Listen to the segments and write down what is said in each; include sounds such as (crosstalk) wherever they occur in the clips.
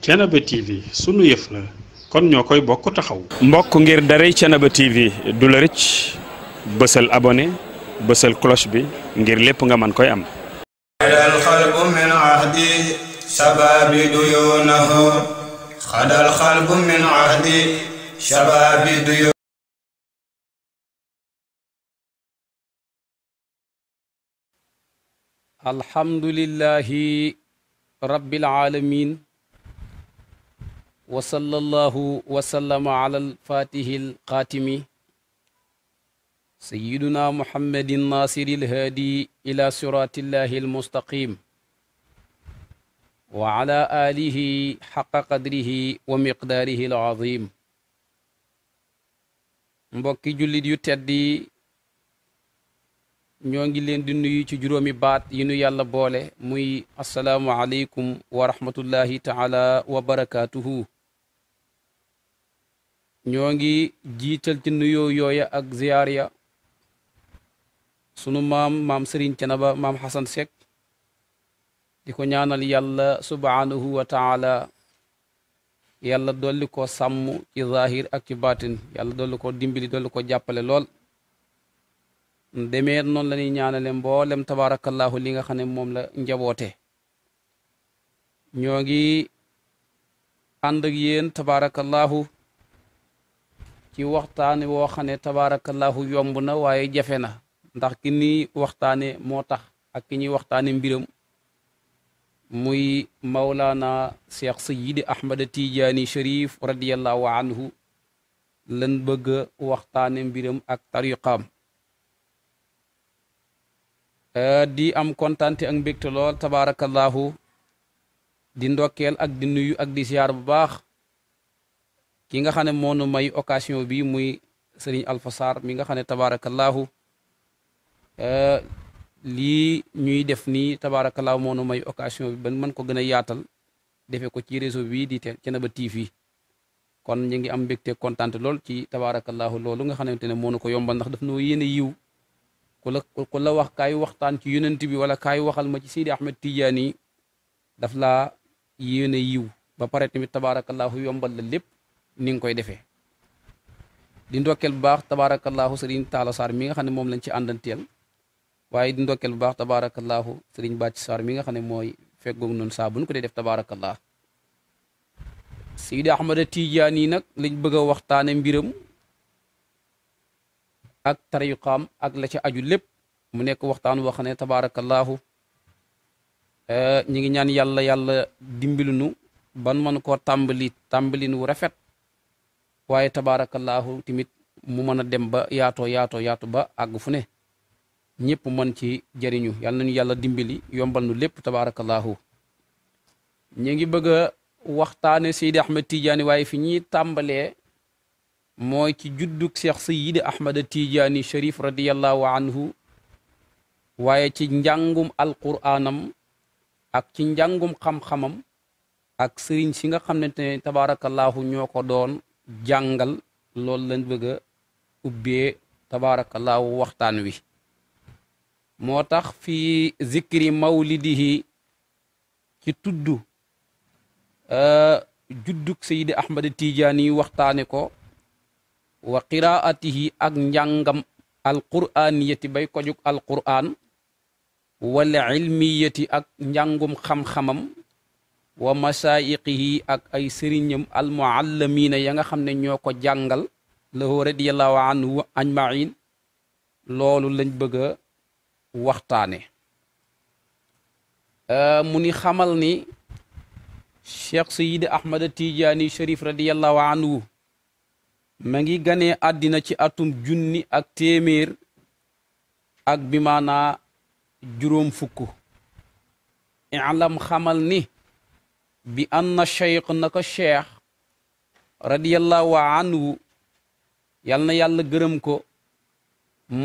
Thiénaba TV yëf la kon ñoo koy bokk taxaw. mbokk ngir daray Thiénaba TV du la rëcc bësal abonné bësal cloche bi ngir lépp nga man koy am. xadal xalbu min ahdi shababi duyunahu xadal min ahdi shababi duyunahu alhamdulillahi rabbil alamin wa sallallahu wa sallama ala alfatihi alxaatimi sayiduna muhammadin nasiri alhaadi ila siratillahi almustaqim wa ala alihi xaqa qadrihi wa miqdaarihi alazim mbokki jullit yu teddi ñoo ngi leen di nuyu ci juróomi baat yi nu yàlla boole muy asalaamu aleykum wa rahmatullahi taala wa barakaatuhu ñoo ngi jiital ci nuyoo yooya ak ziyaar ya sunu maam maam Serigne canaba maam Xasan Seck di ko ñaanal yàlla subhaanahu wa taala yàlla dolli ko sàmm ci zahir ak ci baatin yàlla dolli ko dimbali dolli ko jàppale lool demee noon la ñuy ñaanale mboolem tabaarakallaahu li nga xam ne moom la njaboote ñoo ngi ànd ak yéen ci waxtaane woo xam ne tabaarakallahu yomb na waaye jafe na ndax ki ni waxtaane moo tax ak ki ñuy waxtaane mbiram muy mawlaana cheikh sayidi ahmada tijaani sharif radiallahu anhu lan bëgg waxtaane mbiram ak tariqaam di am kontante ak mbégte lool tabaarakallahu di ndokkeel ak di nuyu ak di siyaar bu baax ki nga xam ne moo nu may occasion bi muy sëriñ Alpha Sarr mi nga xam ne tabaarakallaahu euh, lii ñuy def nii tabaarakallaahu moo nu may occasion bi ban mën ko gën a yaatal defee ko ci réseau bii di Thiénaba TV kon ñu ngi am mbégte kontant lool ci tabaarakallaahu loolu nga xamante ne moo nu ko yombal ndax daf noo yéene yiw ku la wax kaay waxtaan ci yonent bi wala kaay waxal ma ci Sidi Ahmed Tidiane daf laa yéene yiw ba pare tamit tabaarakallaahu yombal la lépp ni nga koy defee di ndokkeel bu baax tabaarakallaahu sëriñ Taala Sarr mi nga xam ne moom lañ ci àndanteel waaye di ndokkeel bu baax tabaarakallaahu sëriñ Bàcc Sarr mi nga xam ne mooy feggoog noonu saa bu ñu ko dee def tabaarakallah Seydi Ahmada Tiijaan yi nag lañ bëgg a waxtaane mbiram ak xam ak la ca aju lépp mu nekk waxtaan wax ne tabaarakallahu eh, ñi ngi ñaan yàlla yàlla dimbalinu ban man ko tàmbali tàmbalin wu rafet waaye tabaarakallaahu tamit mu mën a dem ba yaato yaato yaatu ba àgg fu ne ñëpp mën ci jariñu yàlla nañu yàlla dimbali yombal nu lépp tabaarakallaahu ñu ngi bëgg a waxtaane Seydi Ahmed tiijaani waaye fi ñuy tàmbalee mooy ci juddug Cheikh Seydi Ahmed Tidiane Cherif radiyallahu anhu waaye ci njàngum alquraanam ak ci njàngum xam-xamam ak sëriñ si nga xam ne te tabaarakallaahu ñoo ko doon jàngal loolu lañ bëgg a ubbee tabaarakallaahu waxtaan wi moo tax fii zikri mawlidihi ci tudd euh, juddug Seydi Ahmad Tijaani waxtaane ko wa qiraatihi ak njàngam alquraaniyati bay ko jug alquraan wala ilmiyati ak njàngum xam-xamam wa masaayiqihi ak ay sëriñam almuallamiina ya nga xam ne ñoo ko jàngal lahu radiallahu anhu ajmain loolu lañ bëgg waxtaane euh, mu ni xamal ni cheikh sayid ahmad tijaani sharif radiallahu anhu ma ngi gane àddina ci atum junni ak téeméer ak bi maanaa juróom fukk ilam xamal ni bi anna cheikh naka cheikh radiyallahu anhu yàlla gërëm ko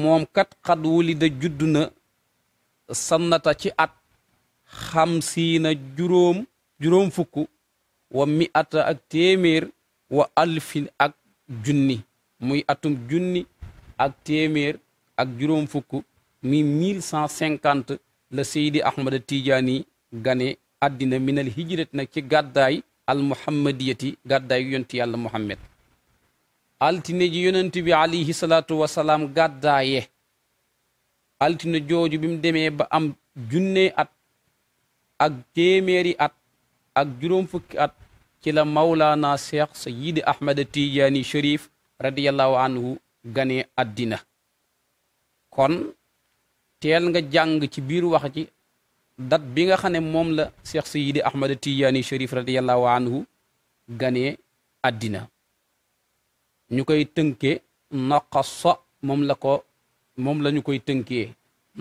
moom kat xad wulida judd na sannata ci at xamsiina juróom juróom fukk wa mi ata ak téeméer wa alfin ak junni muy atum junni ak téeméer ak juróom fukk mi la Seydi Ahmada Tijaani gane àddina minal hijrati nag ci gàddaay al muhammadiyati gàddaay yonti yàlla muhammad altine ji yonent bi alayhi salaatu wasalaam gàddaaye altine jooju bi mu demee ba am junne at ak téeméeri at ak juróom fukki at ci la mawlaana cheikh sayidi ahmad tijaani sharif radiallahu anhu gane àddina kon teel nga ci biir wax date bi nga xam ne moom la Cheikh Seydi Ahmad Tijaani Cherif radiyallahu anhu ganee àddina ñu koy tënkee naqasa moom la ko moom la ñu koy tënkee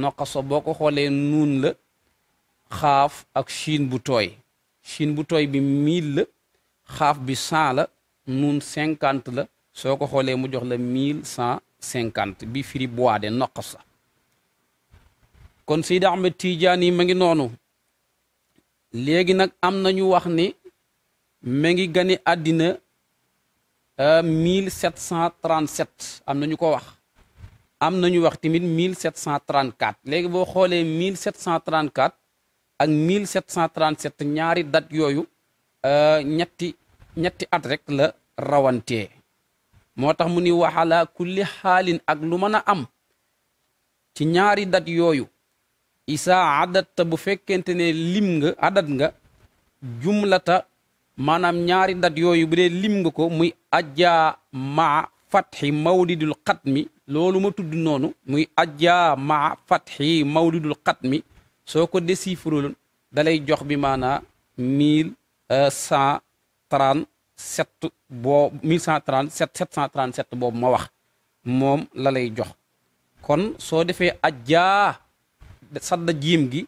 naqasa boo ko xoolee nuun la xaaf ak chiin bu tooy chiin bu tooy bi mille la xaaf bi cent la nuun cinquante la soo ko xoolee mu jox la mille cent cinquante bi firi boide naqasa kon Seydi Ahmed Tidiane ma ngi noonu léegi nag am na ñu wax ni ma ngi gane àddina 1737 euh, am na ñu ko wax am na ñu wax tamit 1734 léegi boo xoolee 1734 ak 1737 ñaari dat yooyu euh, ñetti ñetti at rek la rawantee moo tax mu ni waxala kulli xaalin ak lu mën a am ci ñaari dat yooyu isa adatta bu fekkente ne lim nga adat nga jumlata maanaam ñaari dat yooyu bu dee lim nga ko muy ajjaa maa fatxi mawlidul xatmi loolu ma tudd noonu muy ajjaa maa fatxi mawlidul xatmi soo ko déchiffré da lay jox bi maanaa mille euh, cent trente sept boo mille cent trente sept sept cent boobu ma wax moom la lay jox kon soo defee ajjaa sadda jiim gi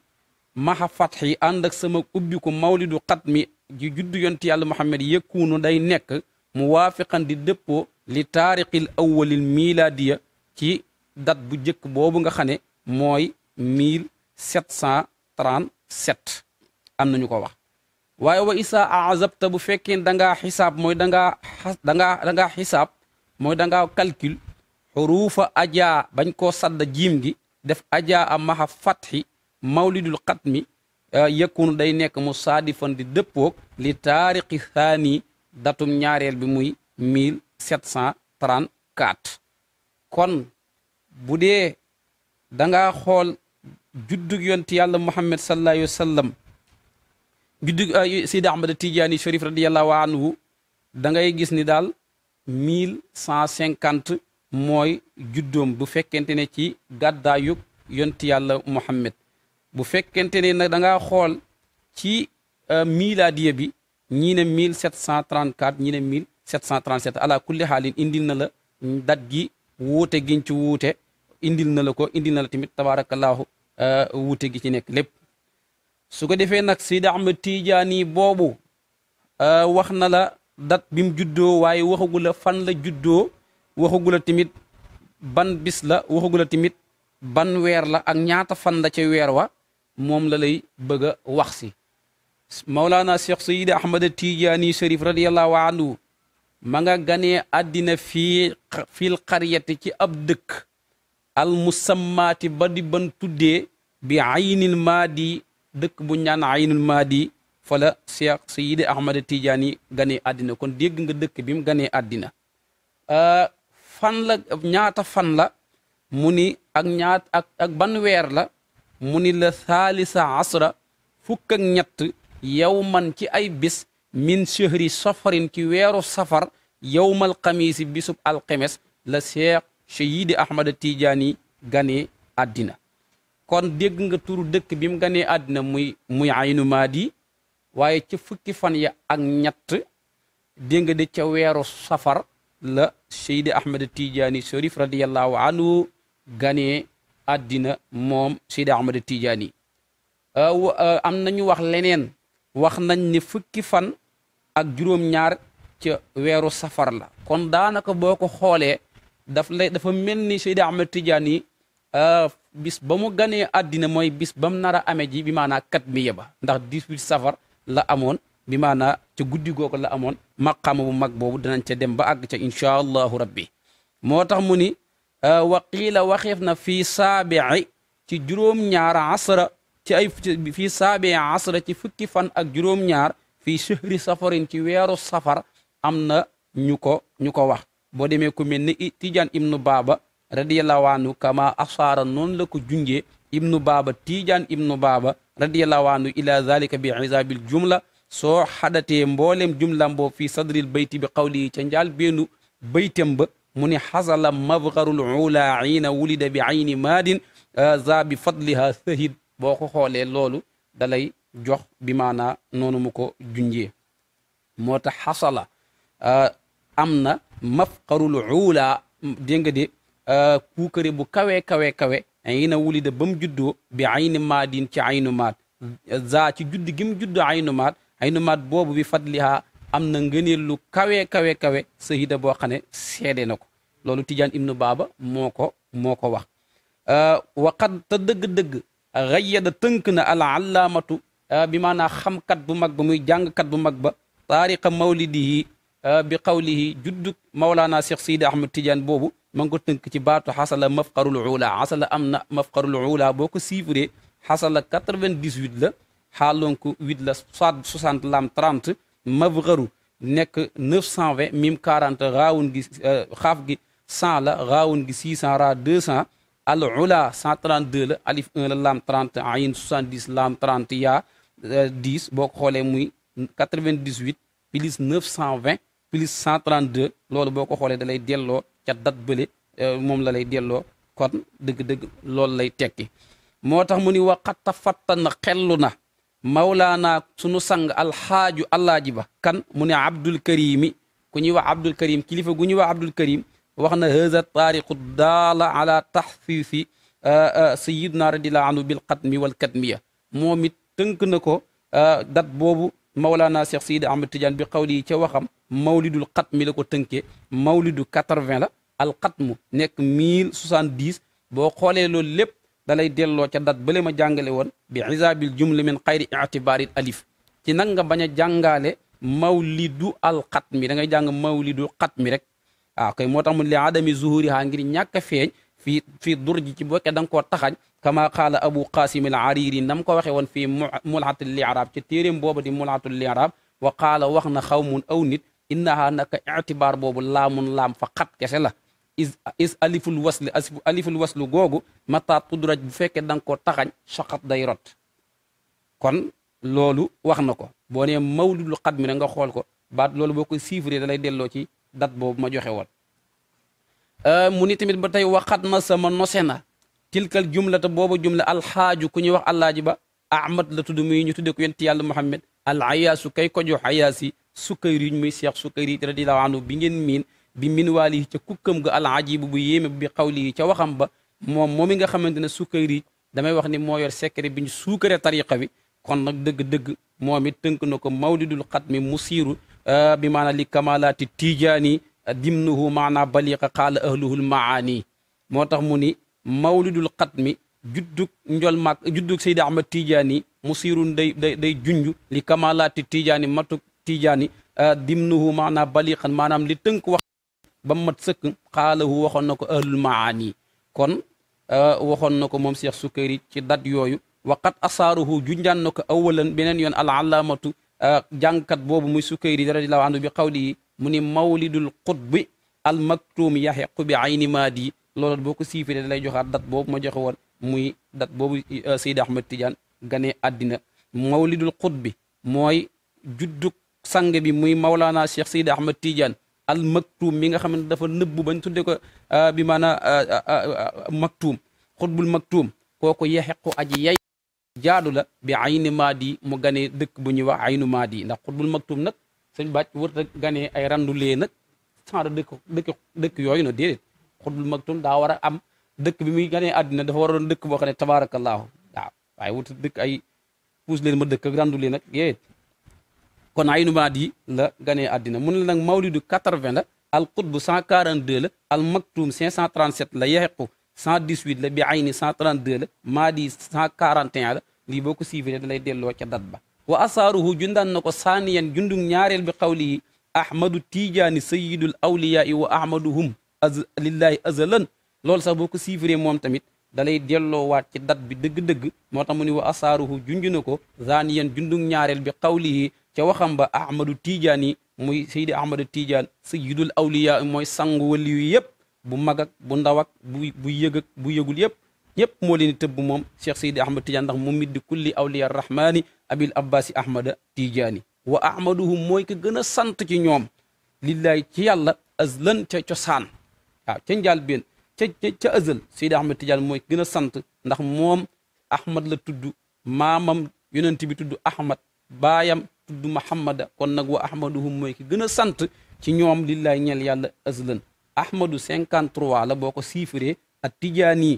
maxa fatxi ànd ak sama ubbi ko mawlidu xat mi ji juddu yonti yàlla muhammad yëkkuunu day nekk mu waafiqan di dëppoo li taarixil awwalil milaadiya ci dat bu njëkk boobu nga xam ne mooy 1737 am nañu ko wax waaye wa isaa azabta bu fekkee dangaa xisaab mooy dangaa dangaa xisaab mooy dangaa calcul xuruufa ajaa bañ koo sadda jiim gi def ajaa a maxa fathi mawlidul xatmi euh, yëkkunu day nekk mu saadifan di dëppoog li taarixi saani datum ñaareel bi muy 1734 kon bu dee danga xool juddug yonti yàlla muhammad sallallahu alayhi wa sallam juddug euh, sidi ahmad radiyallahu anhu da ngay gis ni daal mooy juddoom bu fekkente ne ci gàddaayug yonti yàlla Muhammad bu fekkente ne nag da ngaa xool ci euh, miilaadiya bi ñii ne 1734 ñii ne 1737 ala kulli xaalin indil na la dat gi wuute gi ci wuute indi na la ko indi na la tamit tabaarakallaahu euh, wuute gi ci nekk lépp su ko defee nag Seydi Ahmed Tijaani boobu euh, wax na la dat bi mu juddoo waaye waxagu la fan la juddoo waxagula tamit ban bis la waxagula tamit ban weer la ak ñaata fan la ca weer wa moom la lay bëgg a wax si maolaana cheikh sayid ahmad tijaani sharif radiallahu anhu ma nga gane àddina fii fil xariyati ci ab dëkk al musammaati ba di ban tuddee bi aynil maadi dëkk bu ñaan aynul maadi fa la cheikh sayid ahmad tijaani ganee àddina kon dégg nga dëkk bi mu ganee àddina ah, fan ñaata fan la mu ni ak ñaat ak ban weer la mu ni la thaalisa asra fukk ak ñett yow ci ay bis min shahri safarin ci weeru safar yowmal xamiisi bisub alxemes la cheikh cheyidi ahmada tijaani ganee àddina kon dégg nga turu dëkk bi mu ganee àddina muy muy aynu maadi waaye ci fukki fan ya ak ñett dégg nga de ca weeru safar la Seydi Ahmed Tidiane Cherif radiyallahu anhu ganee àddina moom Seydi Ahmed Tidiane euh, euh, am nañu wax leneen wax nañ ni fukki fan ak juróom-ñaar ca weeru safar la kon daanaka boo ko xoolee daf lay dafa mel ni Seydi Ahmed Tidiane euh, bis ba mu ganee àddina mooy bis ba mu nar a amee ji bi maanaa kat mi yeba ndax 18 safar la amoon bi maanaa ci guddi googu la amoon maqaama bu mag boobu danañ ca dem ba àgg ca inchaa allahu rabbi moo tax mu ni euh, waqiila waxeef na fii saabii ci juróom-ñaar asra ci fii saabii asra ci fukki fan ak juróom-ñaar fii shahri safarin ci weeru safar am na ñu ko ñu ko wax boo demee ku mel ni Tijaan ibnu Baaba radiyallahu anhu kama asaara noonu la ko junjee ibnu Baaba Tijaan ibnu Baaba radiyallahu anhu ila zalika bi isabil jumla soo xadatee mboolem jumlam boo fii sadril bayti bi qawli yi ca njaal beenu baytam ba mu ne xasala mabgarul ula ayna wulida bi ayni maadin za bi fadliha sahid boo ko xoolee loolu dalay jox bi maanaa noonu ko junjee moo tax xasala am na mafqarul ula dégg nga de kuukare bu kawe kawe kawe ayna wulida ba mu juddoo bi ayni maadin ci aynu maat za ci judd gi mu juddoo aynu maat ay numaat boobu bi fadliha am na ngëneel lu kawe kawe kawe sahida boo xam ne seede na ko loolu Tijaan ibnu Baaba moo ko moo ko wax euh, waqat te dëgg-dëgg xayyada tënk na al allaamatu euh, bi maanaa xamkat bu mag ba muy jàngkat bu mag ba taariqa mawlidihi euh, bi qawlihi juddug Mawlaana Cheikh Sidi Ahmed Tidiane boobu ma ngi ko tënk ci baatu xasala mafqarul ula xasala am na mafqarul ula boo ko chiffré xasala 98 la haalonko widla sad 60 lam 30 mabgaru nekk 920 mim 40 raawun gi xaaf euh, gi 100 la raawun gi 600 ra 200 al ula 132 la alif 1 la lam 30 ayin 70 lam 30 yaa 10 boo ko xoolee muy 98 plus 920 plus 132 loolu boo ko xoolee da lay delloo ca dat bële euh, moom la lay delloo kon dëgg-dëgg loolu lay tekki moo tax mu ni waxata fatta na xellu na mawlaana sunu sang alxaaju allaaji ba kan mu ne abdul karimi ku ñuy wax abdul karim kilifa gu ñuy wax abdul karim wax na haza taariqu daala ala taxfiifi uh, uh, sayiduna radiallahu anhu bil xatmi wal katmiya moom it tënk na ko uh, dat boobu mawlaana cheikh sayid ahmad tidiane bi xawli yi ca waxam mawlidul xatmi la ko tënkee mawlidu 80 la al xatmu nekk 1070 boo xoolee loolu lépp dalay delloo ca dat bële ma jàngale woon bi isaabil jumli min xayri itibaaril alif ci nanga nga bañ a jàngaale mawlidu alxat mi da ngay jàng mawlidu xat mi rek waaw kay moo tax mun li adami zuhuri ha ngir ñàkk a feeñ fii fii durji ci bokke da nga koo taxañ kama qaala abu qasim al ariri nam ko waxe woon fii mulhatul arab ci téeréem booba di mulhatul li'rab wa qaala wax na xaw xawmun aw nit innaha naka itibaar boobu laamun laam fa xat kese la is is aliful waslu aliful waslu googu mata tudraj bu fekkee da nga koo taxañ soqat day rot kon loolu wax na ko boo nee mawlidul xadmi nga xool ko baat loolu boo ko chiffré da lay delloo ci dat boobu ma joxe won euh, mu ni tamit ba tey waxat na sama nose na tilkal jumlata boobu jumla alxaaju ku ñuy wax allaaji ba ahmad la tudd muy ñu tudde ko yonent yàlla muhammad al ayaasu kay ko jox ayaasi sukkayri muy seex sukkayri radiyallaahu anhu bi ngeen miin bi minwaali yi ca kukkam ga al ajibu bu yéeme bi xawli yi ca waxam ba moom moom mi ga xamante ne sukkari damay wax ni moo yor secret bi ñu suukaree tariqa bi kon nag dëgg-dëgg moom it tënk na ko mawlidul xat mi musiiru euh, bi maanaam li kamalaati tijaani dimnuhu maanaa baliqa qaala ahluhul maani moo tax mu ni mawlidul xat mi juddug njol màkk juddug Seydi Ahmad Tijaani musirun day day day junj li kamalaati Tijaani matuk Tijaani euh, dimnuhu maanaam baliqan maanaam li ba mu mat sëkk xaalahu waxoon na ko ahlul maani kon euh, waxoon na ko moom Cheikh Sukkari ci dat yooyu waqat asaaruhu junjaan na ko awalan beneen yoon al alaamatu euh, jàngkat boobu muy Sukkari radiyallahu anhu bi qawlihi mu ni mawlidul qutbi al maktum yahiqu bi ayni maadi loolu boo ko siifiree da lay joxaat dat boobu ma joxe woon muy dat boobu euh, Seydi Ahmed Tidiane gane àddina mawlidul qutbi mooy juddug sang bi muy Mawlaana Cheikh Seydi Ahmed tiijan al maktuum mi nga ne dafa nëbbu bañ tudde ko ah, bi maanaa ah, ah, maktuum xutbul maktuum kooku yeexequ aji yay jaadu la bi ayni maadi mu gane dëkk bu ñuy wax ay aynu maadi ndax xutbul maktuum nag suñ bàcc wërta ganee ay randulee nag sanda dëkk dëkk dëkk yooyu na déedéet xutbul maktuum daa war a am dëkk bi muy ganee àddina dafa war a doon dëkk boo xam ne tabaarakallaahu waaw wut dëkk ay puus leen ma dëkk ak randu leen nag yéet kon aynu maadi la ganee àddina mun la nag mawlidu 80 la al qutbu 142 la al maktum 537 la yeequ 118 la bi ayni 132 la maadi 141 la lii boo ko suivre da lay delloo ca dat ba wa asaaruhu jundan na ko saaniyan jundug ñaareel bi xawlihi ahmadu tijaani sayidul awliyaai wa ahmaduhum az lillahi azalan loolu sax boo ko moom tamit da delloo delloowaat ci dat bi dëgg-dëgg moo tax mu ni wa asaaruhu junj na ko zaaniyan jundug ñaareel bi xawlihi ca waxam ba ahmadu tiijaan yi muy seydi ahmadu tiijaan sayyidul awliya mooy sangu waliyu yëpp bu mag bu ndaw bu bu yëg bu yëgul yëpp ñëpp moo leen di tëbb moom cheikh seydi ahmad tiijaan ndax mu middi kulli awliya rahmaani abil abbasi ahmada tiijaani wa ahmaduhum mooy ki gën a sant ci ñoom lillaay ci yàlla azlan ca cosaan waaw ca benn ca ca azal seydi ahmad tiijaan mooy ki gën a sant ndax moom ahmad la tudd maamam yonent bi tudd ahmad baayam tudd Muhammada kon nag wa ahmaduhum mooy ki gën a sant ci ñoom lillaay ñeel yàlla aslan ahmadu 53 la boo ko chiffré ak tijaani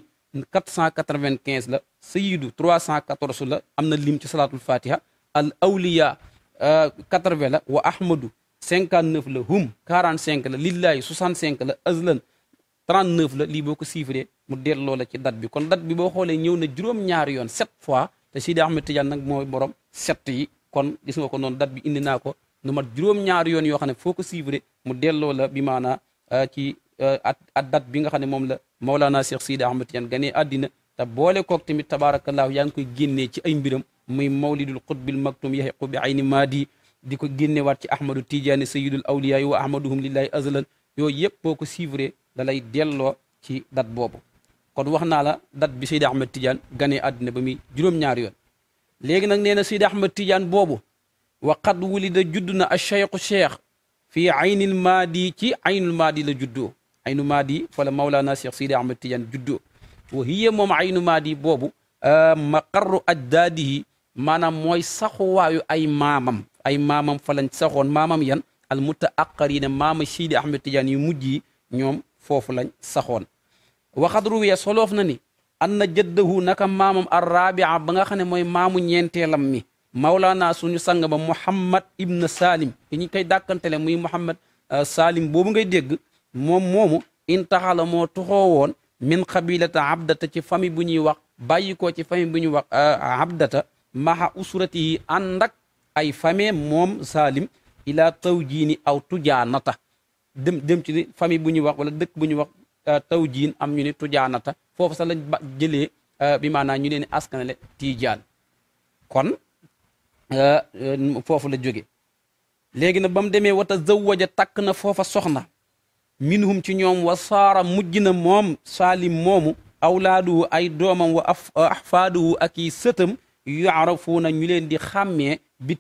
495 la sayidu 314 la am na lim ci salaatul fatiha al awliya 80 euh, la wa ahmadu 59 la hum 45 la lillaay 65 la aslan 39 la lii boo ko chiffré mu delloo la ci date bi kon date bi boo xoolee ñëw na juróom-ñaari yoon sept fois te Sidi Ahmed Tidiane nag mooy borom sept yi kon gis nga ko noonu date bi indi naa ko lu mat juróom-ñaari yoon yoo xam ne foo ko suivre mu delloo la bi maanaa euh, ci euh, at at date bi nga xam ne moom la Maulana Cheikh Sidi Ahmed Tidiane ganee àddina te boole kook tamit tabaarakallaahu yaa ngi koy génnee ci ay mbiram muy mawlidul qutbil maktum yahiqu bi ayni maadi di ko génnewaat ci ahmadu tidiane sayidul awliya wa ahmaduhum lillahi azalan yooyu yëpp boo ko suivre da lay delloo ci dat boobu kon wax naa la date bi Seydi Ahmed Tidiane ganee àddina ba mi juróom-ñaari yoon léegi nag nee na Sidi Ahmad Tidiane boobu wa qad da juddu na a cheikhu cheikh fii aynil maadi ci aynul maadi la juddoo aynu maadi fala maulana cheikh Sidi Ahmad Tidiane juddoo wa hiya moom aynu maadi boobu euh, maqarru ajdaadihi maanaam mooy saxuwaayu ay maamam ay maamam fa lañ saxoon maamam yan al mutaaqarina maama Sidi Ahmad Tidiane yu mujj yi ñoom foofu lañ saxoon waxad ruwiya soloof na ni anna jëddahu naka maamam arrabia ba nga xam ne mooy maamu ñeenteelam mi mawlaana suñu sang ba muhammad ibn salim ki ñu koy dàkkantele muy muhammad euh, saalim boobu ngay dégg moom moomu intaxala moo tuxoo woon min xabilata abdata ci famille bu ñuy wax bàyyi koo ci famille bu ñuy wax euh, abdata maha usuratihi ànd ak ay famille moom salim ila tawjiini aw tujaanata dem dem ci famille bu ñuy wax wala dëkk bu ñuy wax Euh, taw jiin am ñu ne tujaanata foofu sax lañ ba jëlee euh, bi maanaam ñu leen askanale tiijaan kon euh, foofu la jóge léegi nag ba mu demee wata zawaja takk na foofa soxna minhum ci ñoom wa saara mujj na moom saalim moomu awlaaduhu ay doomam wa ahfaaduhu ak i sëtam yuarafuuna ñu leen di xàmmee bi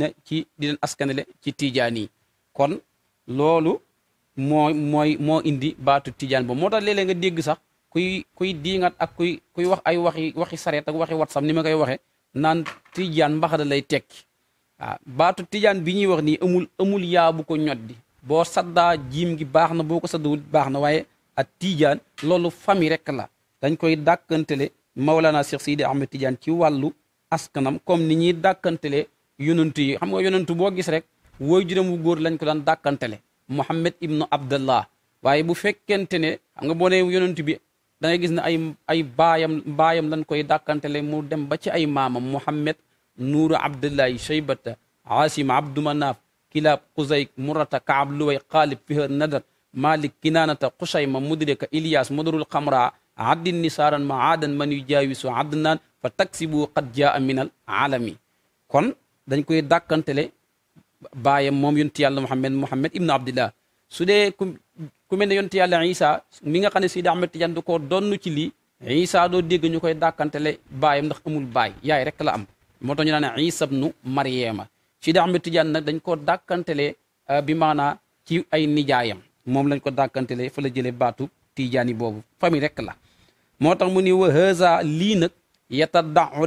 na ci di leen ci tiijaani kon loolu moo mooy moo indi baatu tijaan ba moo tax léeg nga dégg sax kuy kuy diingat ak kuy kuy wax ay waxi waxi sareet ak waxi sam ni ma koy waxee naan tijaan mbaxada lay tekki waaw baatu tijaan bi ñuy wax nii amul amul yaabu bu ko ñoddi boo saddaa jiim ngi baax na boo ko saddawul baax na waaye ak tijaan loolu famille rek la dañ koy dàkkantele Maulana Cheikh Sidi Ahmed Tidiane ci wàllu askanam comme ni ñuy dàkkantele yonantu yi xam nga yonantu boo gis rek wooy juróom wu góor lañ ko daan dàkkantele Muhammad ibnu Abdallah waaye bu fekkente ne nga boo nee yonent bi da gis ne ay ay baayam baayam lañ koy dàkkantele mu dem ba ci ay maamam Muhammad Nuuru Abdullahi Shaybata Asim Abdu Manaaf Kilaab Qusay Murata Kaab Luway Xaalib Fihr Nadar Malik Kinaanata Qushayma Mudrika Ilyas Mudrul Xamra addin nisaaran ma aadan man yu jaawisu adnaan fa taksibu qad jaa minal alami kon dañ koy dàkkantele baayam moom yonti yàlla Muhammad Muhammad ibnu Abdillah su dee ku ku mel ne yonti yàlla mi nga xam ne Sidi Ahmed Tidiane du ko donn ci lii Isa doo dégg ñu koy dàkkantele baayam ndax amul baay yaay rek la am moo tax ñu naan Isa ibnu Mariama Sidi Ahmed Tidiane nag dañ ko dàkkantele euh, bi maanaa ci ay nijaayam moom lañ ko dàkkantele fa la jëlee baatu Tidiane boobu famille rek la moo tax mu ni wa haza lii nag yataddaxu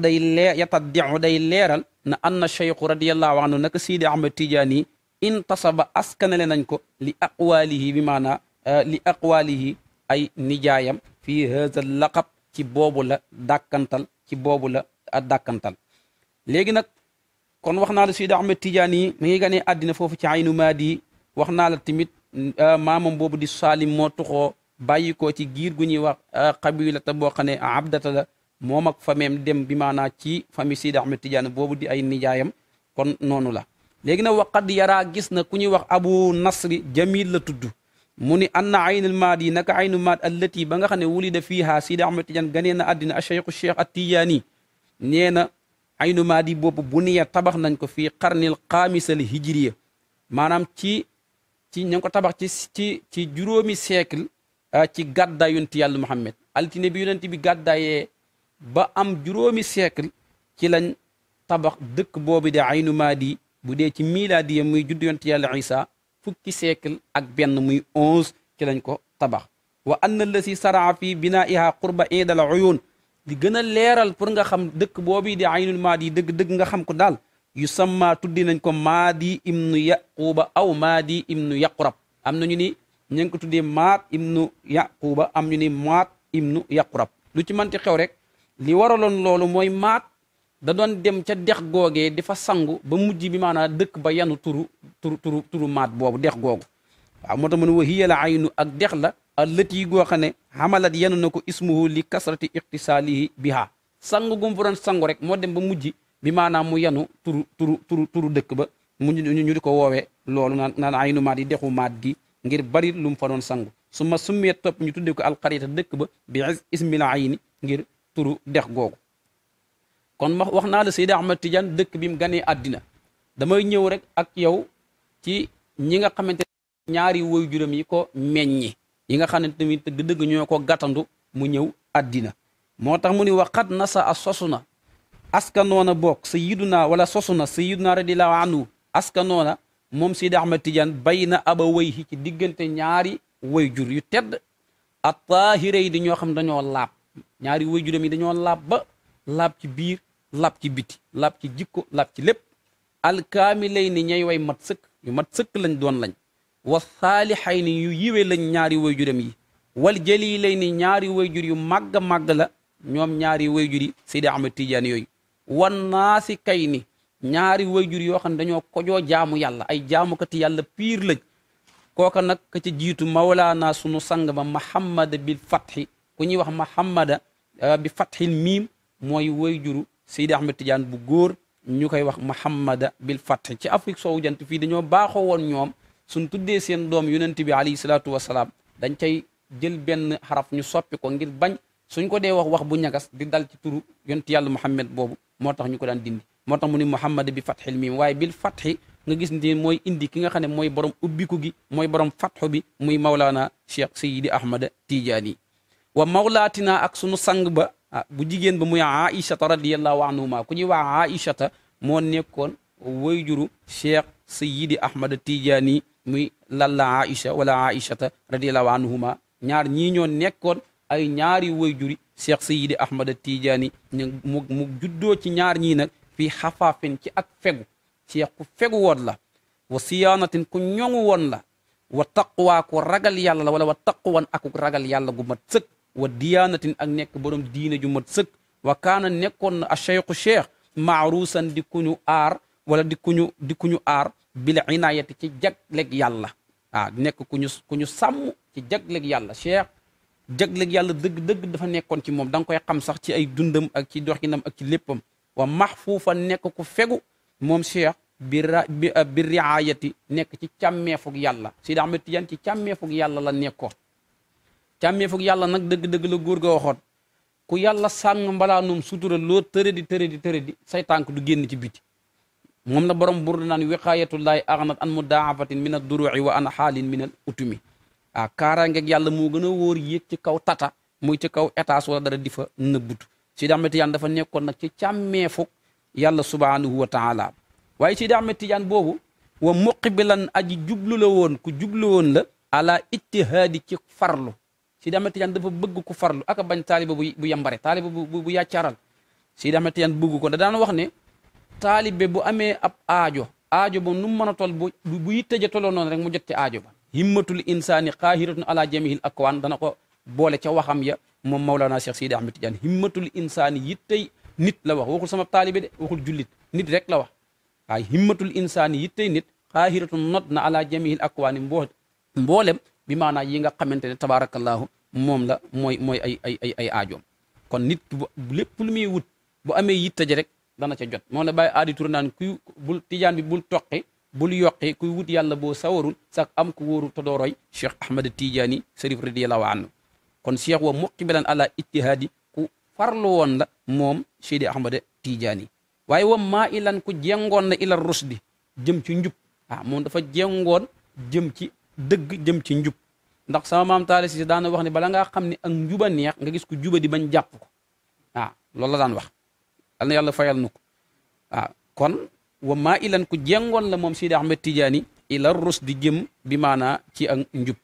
leeral na anna cheikhu radiallahu anhu naka Sidi Ahmed Tidiane yi intasaba askanale nañ ko li aqwaalihi bi maanaa euh, li aqwaalihi ay nijaayam fii haza laqab ci boobu la dàkkantal ci boobu la dàkkantal léegi nag kon wax naa la Sidi Ahmed Tidiane yi ma ngi ganee àddina foofu ci aynu di wax naa la tamit euh, maamam boobu di Salim moo tuxoo bàyyi ko ci giir gu ñuy wax xabilata euh, boo xam a abdata la moom ak fameem dem bi maanaa ci famille Sidi Ahmed Tidiane boobu di ay nijaayam kon noonu la léegi nag waqad yara gis na ku ñuy wax abu nasri jamil la tudd mu ni anna aynul maad yi naka aynul maad allati ba nga xam ne wulida fiiha Sidi Ahmed Tidiane ganee na àddina acheikhu cheikh at tijaani nee na aynul maad yi boobu bu niya tabax nañ ko fii xarnil xaamisal hijriya maanaam ci ci ña ko tabax ci ci ci juróomi siècle ah, ci gàddaay yonent yàlla Muhammad altine bi bi gàddaayee ba am juróomi siècle ci lañ tabax dëkk boobu di aynu di bu dee ci miilaadiya muy juddu yonent yàlla isa fukki siècle ak benn muy onze ci lañ ko tabax wa anna allasi saraa fi binaiha qurba iidal uyun di gën a leeral pour nga xam dëkk boobu di aynul di dëgg dëgg nga xam ko daal yu samma tuddi nañ ko di ibnu yaquba aw maadi ibnu yaqurab am na ñu ni ñu ngi ko tuddee maat ibnu yaquba am ñu ni maat ibnu yaqurab lu ci manti xew rek li waraloon loolu mooy maat da doon dem ca dex googee di fa sangu ba mujj bi maanaam dëkk ba yanu turu turu turu turu maat boobu dex googu waaw moo tax mu ne wa hiya la ak dex la allët yi goo xam ne xamalat yanu na ko ismuhu li kasrati iqtisaalihi biha sangu gum fa doon sangu rek moo dem ba mujj bi maanaam mu yanu turu turu turu turu dëkk ba mu ñu ñu di ko woowee loolu naan naan aynu maat yi dexu maat gi ngir bari lu mu fa doon sangu su ma summee topp ñu tuddee ko alqarita dëkk ba bi ismil ayni ngir turu dex googu kon wax wax naa la Seydi Ahmad Tidiane dëkk bi mu ganee àddina damay ñëw rek ak yow ci ñi nga xamante ñaari woy juróom yi ko meññi yi nga xam ne tamit dëgg-dëgg ñoo ko gàttandu mu ñëw àddina moo tax mu ni waxat na sa a sosu na askanoo na bokk sayyiduna wala sosu na sayyiduna radiyallahu anhu askanoo na moom Seydi Ahmad Tidiane bay na aba way ci diggante ñaari woy jur yu tedd a taahira yi di ñoo xam dañoo laab ñaari waajuram yi dañoo laab ba laab ci biir laab ci biti laab ci jikko laab ci lépp alkaamilay ni ñay way mat sëkk yu mat sëkk lañ doon lañ wa saalixay ni yu yiwee lañ ñaari waajuram yi wal jalilay ni ñaari waajur yu màgg màgg la ñoom ñaari waajur yi Seydi Ahmed Tidiane yooyu wan naasi kay ni ñaari waajur yoo xam ne dañoo kojoo jaamu yàlla ay jaamukati yàlla piir lañ kooka nag ka ca jiitu mawlaana sunu sang ba mahamada bil fathi ku ñuy wax mahamada Euh, bi fathil miim mooy woy juru Seydi Ahmed Tidiane bu góor ñu koy wax Muhammada bil fath ci Afrique soowu jant fii dañoo baaxoo woon ñoom suñ tuddee seen doom yu yonent bi alayhi salaatu wasalaam dañ cay jël benn xaraf ñu soppi ko ngir bañ suñ ko dee wax wax bu ñagas di dal ci turu yonent yàlla Muhammad boobu moo tax ñu ko daan dindi moo tax mu ni Muhammad bi fathil miim waaye bil fathi nga gis ni mooy indi ki nga xam ne mooy borom ubbiku gi mooy borom fatxu bi muy Maulana Cheikh Seydi Ahmed Tidiane wa mawlaatina ak sunu sang ba ah, bu jigéen ba muy aïchata radiallahu ma ku ñuy wax aïchata moo nekkoon wayjuru cheikh sayidi ahmada tijaani muy lalla aïcha wala aïchata radiallahu ma ñaar ñii ñoo nekkoon ay ñaari wayjuri cheikh sayidi ahmada tijaani mu mu juddoo ci ñaar ñii nag fii xafaafin ci ak fegu cheikh ku fegu woon la wa siyaanatin ku ñoŋu woon la wa taqwa ku ragal yàlla la wala wa taqwan ak ragal yàlla gu mat sëkk wa diyaanatin ak nekk borom diine ju mat sëkk wa kaana nekkoon na a cheikhu cheikh maaruusan di ñu aar wala di kuñu di kuñu aar bil inaayati ci jagleeg yàlla waaw ah, nekk ku ñu ku ñu sàmm ci jagleeg yàlla cheikh jagleeg yàlla dëgg-dëgg dafa nekkoon ci moom da nga koy xam sax ci ay dundam ak ci doxinam ak ci léppam wa maxfuufa nekk ku fegu moom cheikh bi bi riayati nekk ci càmmeefug yàlla dax Ahmed Tidiane ci càmmeefug yàlla la nekkoon càmmee foog yàlla nag dëgg-dëgg la góor ga waxoon ku yàlla sàng mbalaanum sutura loo tëre di tëre di tëre di say tànk du génn ci biti moom la borom bur naan mu aghnat an mudaafatin min ad duruci wa an xaalin min al utumi a kaaraangeeg yàlla moo gën a wóor yéeg ci kaw tata muy ci kaw étage wala dara di fa nëbbutu Seydi Ahmed Tidiane dafa nekkoon nag ci càmmee foog yàlla subhaanahu wa taala waaye Seydi Ahmed Tidiane boobu wa muqbilan aji jublu la woon ku jublu la ala ittihaadi ci Sidi Ahmed Tidiane dafa bëgg ku farlu ak bañ taaliba bu bu yambare taaliba bu bu yàccaaral Sidi Ahmed Tidiane bëgg ko da daan wax ne taalibe bu amee ab aajo aajo ba nu mu mën a tol bu bu yittëja toloo noonu rek mu jot ci aajo ba himmatul insaani qaahiratun ala jamihil akwaan dana ko boole ca waxam ya moom Mawlana Cheikh Sidi Ahmed Tidiane himmatul insaani yittey nit la wax waxul sama taalibe de waxul jullit nit rek la wax waaye himmatul insaani yittey nit qaahiratun not na ala jamihil akwaani mboo mboolem bi maanaam yi nga xamante ne tabaarakallaahu moom la mooy mooy ay ay ay ay aajoom kon nit lépp lu muy wut bo amee yitte ji rek dana ca jot moom la bàyyi aadi tur naan kuy bul tijaan bi bul toqi bul yoqi kuy wut yàlla boo sawarul sax am ku wooru todooroy cheikh ahmad tijaani sharif radiyallahu anhu kon cheikh wa muqibilan ala ijtihaadi ku farlu woon la moom seydi ahmad tijaani waaye wa maa ilan ku jengoon na ila rusdi jëm ci njub ah moom dafa jengoon ci dëgg jëm ci njub ndax sama maam Taale si daana wax ne bala ngaa xam ne ak njuba neex nga gis ko juba di bañ jàpp ko waaw loolu la daan wax yal yàlla fayal nu ko waaw kon wa maa ilan ku jengoon la moom Sidi Ahmed Tidiane ila rus di jëm bi maanaa ci ak njub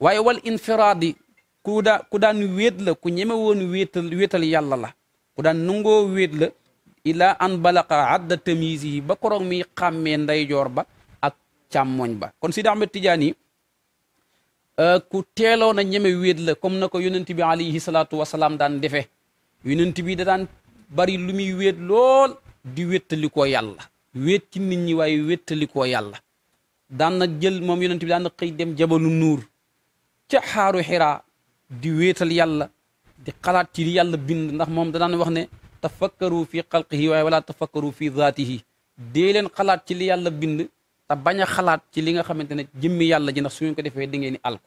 waaye wal infiraadi ku daa ku daan weet la ku ñeme woon wéetal yàlla la ku daan nungoo wéet la illa an balaqa adda tamise yi ba koroog mi xàmmee ndeyjoor ba ak càmmoñ ba kon Sidi Ahmed Euh, ku teeloon a ñeme wéet la comme na ko yonent bi alayhi salaatu wasalaam daan defee yonent bi da daan bari lu muy wéet lool di wéttali koo yàlla wéet ci nit ñi waaye wéttali koo yàlla daan na jël moom yonent bi daan na xëy dem jabalu nuur ca xaaru xiraa di wéetal yàlla di xalaat ci li yàlla bind ndax moom da daan wax ne tafakkaru fi xalqihi waaye wala tafakkaru fi zaatihi dee leen xalaat ci li bind te bañ a xalaat ci li nga xamante ne jëmmi yàlla ji ndax su ngeen ko defee da ngeen ni alku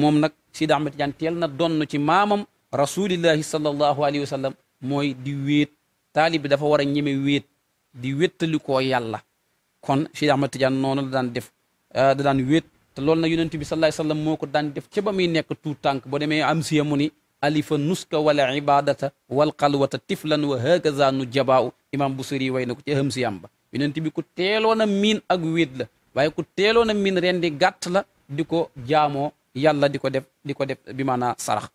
moom nag Sidi Ahmed Tidiane teel na donn ci maamam rasulillahi sallallahu alayhi wa sallam mooy di wéet taalib bi dafa war a ñeme wéet di wéttalikoo yàlla kon Sidi Ahmed Tidiane noonu daan def euh, da daan wéet te loolu nag yonent bi sallallahu alayhi wa moo ko daan def ca ba muy nekk tuut tànk boo demee am siya mu ni alifa nuska wala ibadata wal xalwata tiflan wa hakaza nu jabaaw imam busiri way na ko ci am siyam ba yonent bi ku teeloon a miin ak wéet la waaye ku teeloon a miin ren di gàtt la di ko jaamoo yàlla di ko def di ko def bi maanaa sarax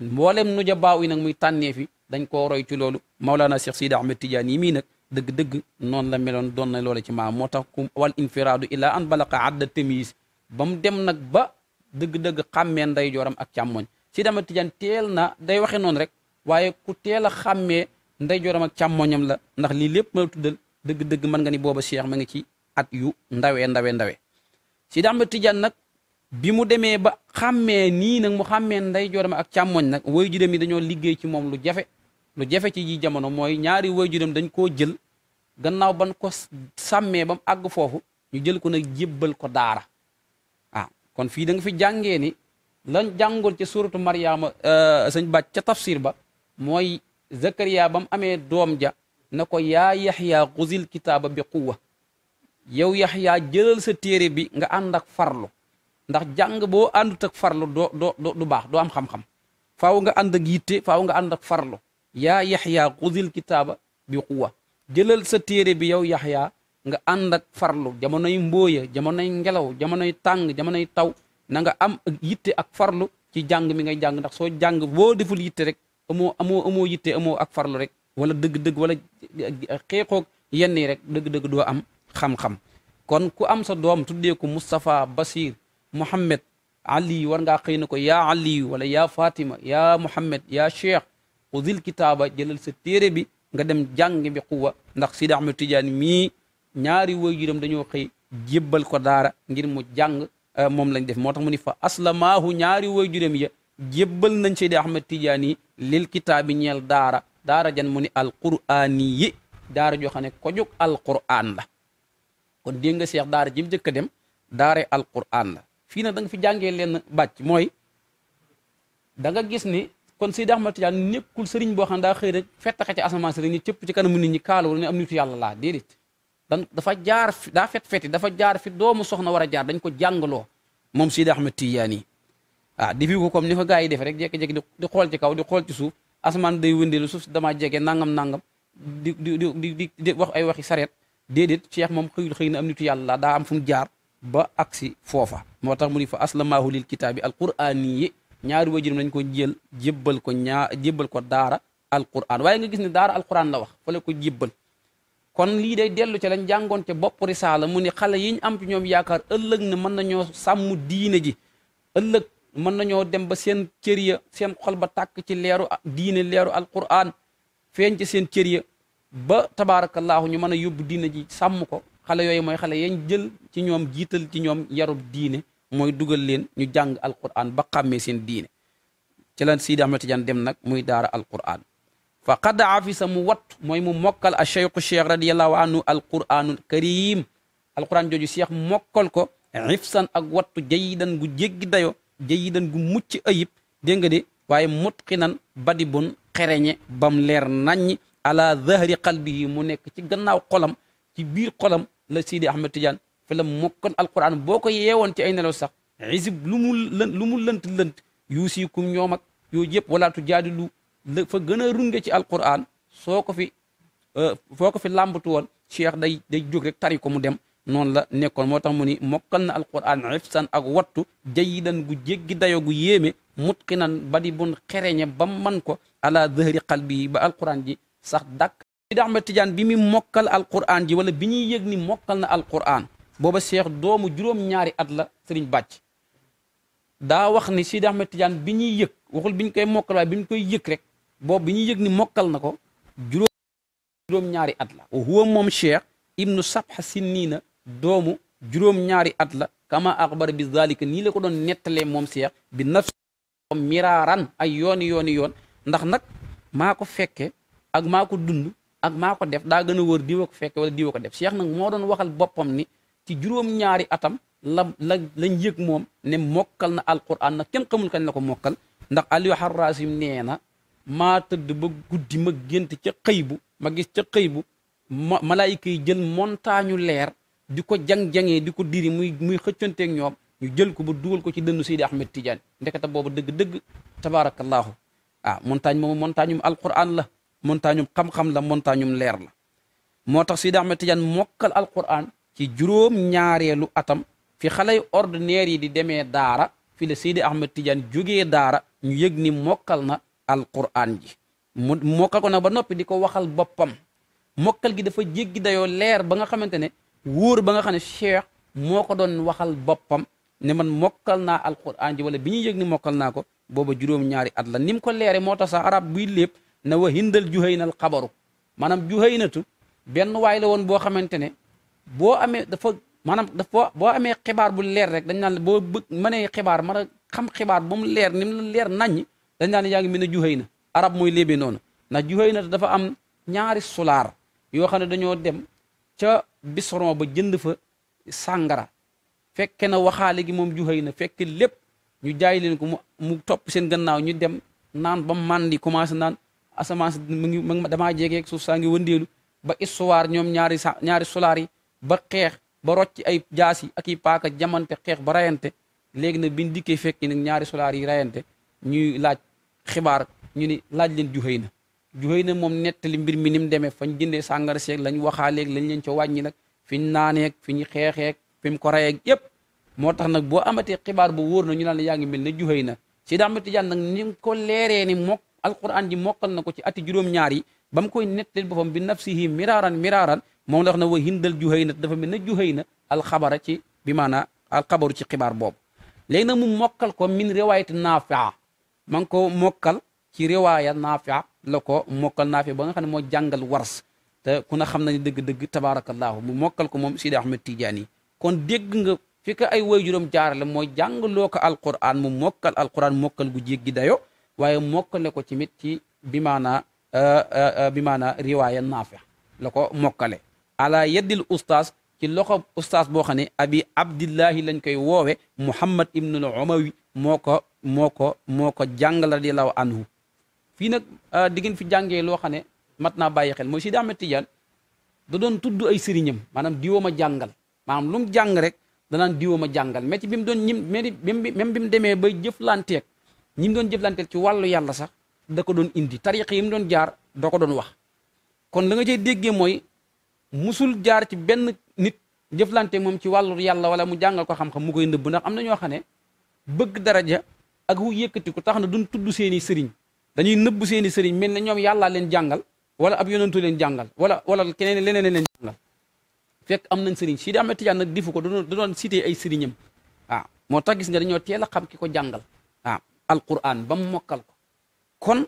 mboolem nu baaw yi nag muy tànnee fi dañ ko roy ci loolu Maulana Cheikh Sidi Ahmed Tidiane yi mii nag dëgg-dëgg noonu la meloon doon na loola ci maam moo tax ku wal infiraadu ila an balaqa adda tamis ba mu dem nag ba dëgg-dëgg xàmmee nday jooram ak càmmoñ Sidi Ahmed Tidiane teel na day waxe noonu rek waaye ku teel a xàmmee nday jooram ak càmmoñam la ndax lii lépp dëgg-dëgg mën nga ni booba Cheikh ma nga ci at yu ndawe ndawe ndawe Sidi Ahmed Tidiane nag bi mu demee ba xàmmee nii nag mu xàmmee nday jooram ak càmmoñ nag woy juram yi dañoo liggéey ci moom lu jafe lu jafe ci ji jamono mooy ñaari woy juram dañ koo jël gannaaw ban ko sàmmee ba mu àgg foofu ñu jël ko nag jébbal ko daara a kon fii da nga fi jàngee ni lañ jàngoon ca suratu Mariama euh, sëñ Bàcc ca tafsir ba mooy Zakariya ba mu amee doom ja na ko yaa yaxyaa xuzil kitaaba bi quwa yow yaxyaa jëlal sa téere bi nga ànd ak farlu ndax jàng boo àndut ak farlu doo doo du baax doo am xam-xam faaw nga ànd ak yitte faaw nga ànd ak farlu yaa yaxyaa xuzil kitaaba bi quwa jëlal sa téere bi yow yaxyaa nga ànd ak farlu jamonoy mbooya jamonoy ngelaw jamonoy tàng jamonoy taw na nga am ak yitte ak farlu ci jàng mi ngay jàng ndax soo jàng boo deful yitte rek amoo amoo amoo yitte amoo ak farlu rek wala dëgg-dëgg wala xeexoog yenn yi rek dëgg-dëgg doo am xam-xam kon ku am sa doom tuddee ko Basir Mouhamed Ali war ngaa xëy na ko yaa Ali wala yaa Fatima yaa Mouhamed yaa Cheikh udil kitaaba jëlal sa téere bi nga dem jàng bi xuwa ndax Sidi Ahmed Tidiane mii ñaari waajuram dañoo xëy jébbal ko daara ngir mu jàng euh, moom lañ def moo tax mu ni fa aslamaahu ñaari waajuram ya jébbal nañ Sidi Ahmed Tidiane yi lil kitaabi ñeel daara daara jan mu ni alquraani yi daara joo xam ne ko jóg alquran la kon dégg nga seex daara jëm jëkk a dem daare alquran la fii na da nga fi jàngee leen bàcc mooy da nga gis ni kon Seydi Ahmad Tijaan nekkul sëriñ boo xam ne daa xëy rek fettaxe ci asamaan sëriñ ñi cëpp ci kanamu nit ñi kaalawul ne am nitu yàlla laa déedéet dan dafa jaar fi daa fet feti dafa jaar fi doomu soxna war a jaar dañ ko jàngaloo moom Seydi Ahmad Tijaan yi ah di fi ko comme ni ko gars yi defee rek jékki-jékki di xool ci kaw di xool ci suuf asamaan day wëndeelu suuf damaa jege nangam nangam di di di di wax ay waxi sareet déedéet cheikh moom xëyul xëy na am nitu yàlla daa am fu mu jaar ba agsi foofa moo tax mu ni fa aslamaahu lil kitaabi alquraani yi ñaari waajuram lañ ko jël jébbal ko ñaa jébbal ko daara alquran waaye nga gis ne daara alquran la wax fa la ko jébbal kon lii day dellu ca lañ jàngoon ca bopp risaala mu ne xale yi ñu am ci ñoom yaakaar ëllëg ne mën nañoo sàmm diine ji ëllëg mën nañoo dem ba seen cër ya seen xol ba tàkk ci leeru diine leeru alquran feeñ ci seen cër ya ba tabaarakallaahu ñu mën a yóbbu diine ji sàmm ko xale yooyu mooy xale yañ jël ci ñoom jiital ci ñoom yarub diine mooy dugal leen ñu jàng alquran ba xàmmee seen diine ci la Sidi Ahmed dem nag muy daara alquran fa qad afisa mu wat mooy mu mokkal a cheikhu cheikh radiallahu anhu alquranul karim alquran jooju cheikh mokkal ko xifsan ak wattu jayidan gu jéggi dayo jayidan gu mucc ayib dégg nga de waaye mutqinan badi bun xereñe bam leer naññ ala zahri qalbihi mu nekk ci gannaaw xolam ci biir xolam la Sidi Ahmed Tidiane fi la mokkoon alquran boo ko yeewoon ci ay nelaw sax xisib lu mu lënt lu mu lënt lënt yuusikum ñoom ak yooyu yëpp wala tu jaadilu la fa gën a runge ci alquran soo ko fi euh, foo ko fi làmbatu woon cheikh day day jóg rek tari ko mu dem noonu la nekkoon moo tax mu ni mokkal na alquran ifsan ak wattu jayidan gu jéggi dayo gu yéeme mutqinan ba di bun xereñe ba man ko ala dëhri qalbi ba alquran ji sax dàkk Seydi Ahmed Tidiane bi muy mokkal alquran ji wala bi ñuy yëg ni mokkal na alquran booba seex doomu juróom-ñaari at la sëriñ bàcc daa wax ni Seydi Ahmed Tidiane bi ñuy yëg waxul bi ñu koy mokkal bi ñu koy yëg rek boobu bi ñuy yëg ni mokkal na ko juróom ñaari at la wa huwa moom cheikh ibnu sabha sinniina doomu juróom-ñaari at la kama axbar bi zalika nii la ko doon nettalee moom seex bi naf miraaran ay yooni yooni yoon ndax nag maa ko fekke ak maa ko dund ak maa ko def daa gën a wër diwa ko fekke wala diwa ko def seex nag moo doon waxal boppam ni ci juróom-ñaari atam la la lañ moom ne mokkal na alquran nag kenn xamul kañ la ko mokkal ndax Aliou Harrasim nee na maa tëdd ba guddi ma gént ca bu ma gis ca bu ma malaayika yi jël montagne leer di ko jang-jangee di ko diri muy muy xëccanteeg ñoom ñu jël ko ba dugal ko ci dënnu Seydi Ahmed Tidiane ndekete boobu dëgg-dëgg tabaarakallaahu ah montagne moomu montagne um alquran la montagne um xam la montagne um leer la moo tax Seydi Ahmed Tidiane mokkal alquran ci juróom ñaareelu atam fi xalay ordinaire yi di demee daara fi la Seydi Ahmed Tidiane jógee daara ñu yëg ni mokkal na alquran ji mu mokkal ko nag ba noppi di ko waxal boppam mokkal gi dafa jéggi dayoo leer ba nga xamante ne wóor ba nga xam ne cheikh moo ko doon waxal boppam ne man mokkal naa alquran ji wala bi ñuy yëg ni mokkal naa ko booba juróom-ñaari at la ni ko leere moo tax sax arab buy lépp na wa hindal juhaynal xabaru maanaam juhaynatu benn waay la woon boo xamante ne boo amee dafa maanaam dafa boo amee xibaar bu leer rek dañ naan boo bëgg mënee xibaar mën a xam xibaar bu mu leer ni mu leer naññ dañ naan yaa ngi mel ne juhayna arab mooy léebee noonu ndax juhayna dafa am ñaari sulaar yoo xam ne dañoo ca bisoron ba jënd fa sàngara fekke na waxaale gi moom juxëy na fekke lépp ñu jaay leen ko mu mu topp seen gannaaw ñu dem naan ba màndi commencé naan asamaan si mu ngi damaa jege suuf saa ngi wëndeelu ba histoire ñoom ñaari sa ñaari solaar yi ba xeex ba rocc ay jaas yi ak i paaka jamante xeex ba rayante léegi nag bi dikkee fekki nag ñaari solaar yi rayante ñuy laaj xibaar ñu ni laaj leen juxëy na Juhayna moom nettali mbir mi ni mu demee fañ jëndee sàngara seeg lañ waxaaleeg lañ leen ca wàññi nag fi ñu naaneeg fi ñu xeexeeg fi mu ko rayeeg yépp moo tax nag boo amatee xibaar bu wóor na ñu naan la yaa ngi mel ne Juhayna si daa Tijaan nag ni ko leeree ni mokk alquran ji mokkal na ko ci ati juróom ñaari bam koy nettali boppam bi nafsihi miraaran miraaran moom la wax na wa hindal Juhayna dafa mel na Juhayna alxabara ci bi maanaa alxabaru ci xibaar boobu léegi nag mu mokkal ko min riwaayati Naafi' ma ngi ko mokkal ci riwaaya Naafi' la ko mokkal naafi ba nga xam ne moo jàngal wars te ku ne xam nañu ne dëgg-dëgg tabaarakallaahu mu mokkal ko moom Sidi Ahmed Tidiane yi kon dégg nga fi ko ay way juróom jaarale mooy jàngaloo ko alquran mu mokkal alquran mokkal gu jéggi dayo waaye mokkale ko tamit ci bi maanaa euh, euh, euh, bi maanaa riwaaya naafi la ko mokkale ala yeddil ustaas ci loxo ustaas boo xam ne abi abdillahi lañ koy woowe muhammad ibnul umawi moo ko moo ko moo ko jàngal radiallahu anhu fii nag ah, di ngeen fi jàngee loo xam ne mat naa bàyyi xel mooy daa Ahmed Tidiane da doon tudd ay sëriñam maanaam diwoo ma jàngal maanaam lu mu jàng rek danaan diwoo ma jàngal mais ci bi mu doon ñim même bi mu demee bay jëflanteeg ñi mu doon jëflanteeg ci wàllu yàlla sax da doon indi tariqa yi mu doon jaar da ko doon wax kon la nga cay déggee mooy musul jaar ci benn nit jëflante moom ci wàllu yàlla wala mu jàngal ko xam-xam mu koy ndëbb ndax am na ñoo xam ne bëgg daraja ak wu yëkkati ko tax na duñ tudd seeni sëriñ dañuy nëbb seeni sëriñ mel na ñoom yàllaa leen jàngal wala ab yonantu leen jàngal wala wala keneen leneen leen jàngal fekk am nañ sëriñ si di amee tijaan nag difu ko da doon cité ay sëriñam ah moo tax gis nga dañoo teel a xam ki ko jàngal waaw alquran ba mu mokkal ko kon